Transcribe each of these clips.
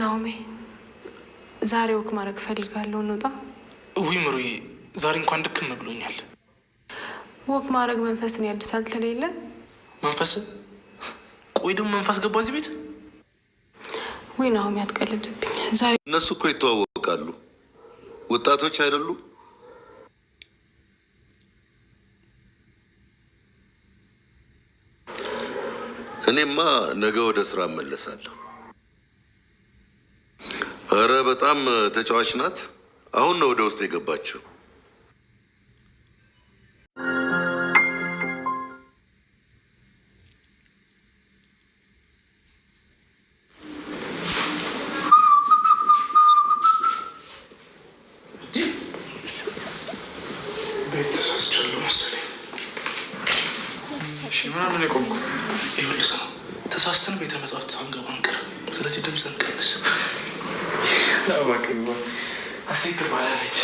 ናኦሜ ዛሬ ወክ ማድረግ ፈልጋለሁ፣ እንውጣ። ውይ ምሩዬ፣ ዛሬ እንኳን ድክም ብሎኛል። ወክ ማድረግ መንፈስን ያድሳል ተለይለ መንፈስ። ቆይ ደግሞ መንፈስ ገባ እዚህ ቤት? ውይ ናኦሜ አትቀልድብኝ። ዛሬ እነሱ እኮ ይተዋወቃሉ፣ ወጣቶች አይደሉ? እኔማ ነገ ወደ ስራ እመለሳለሁ። እረ በጣም ተጫዋች ናት። አሁን ነው ወደ ውስጥ የገባችው። ተሳስተን ቤተ መጽሐፍት ሳንገባ አንቀር። ስለዚህ ድምፅ እንቀንስ። አሴት ትባላለች።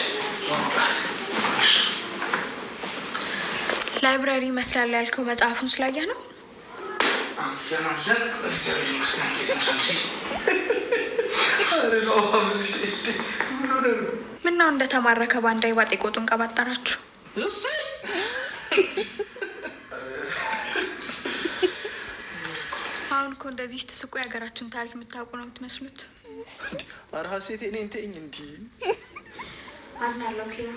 ላይብራሪ ይመስላል ያልከው መጽሐፉን ስላየህ ነው? ምነው እንደተማረከ በአንድ አይባጤ ቆጡን ቀባጠራችሁ? አሁን እኮ እንደዚህ ስትስቁ የሀገራችን ታሪክ የምታውቁ ነው የምትመስሉት። አረ ሀሴት እንዲ አዝናለሁ። ኪራ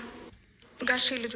ጋሼ ልጆ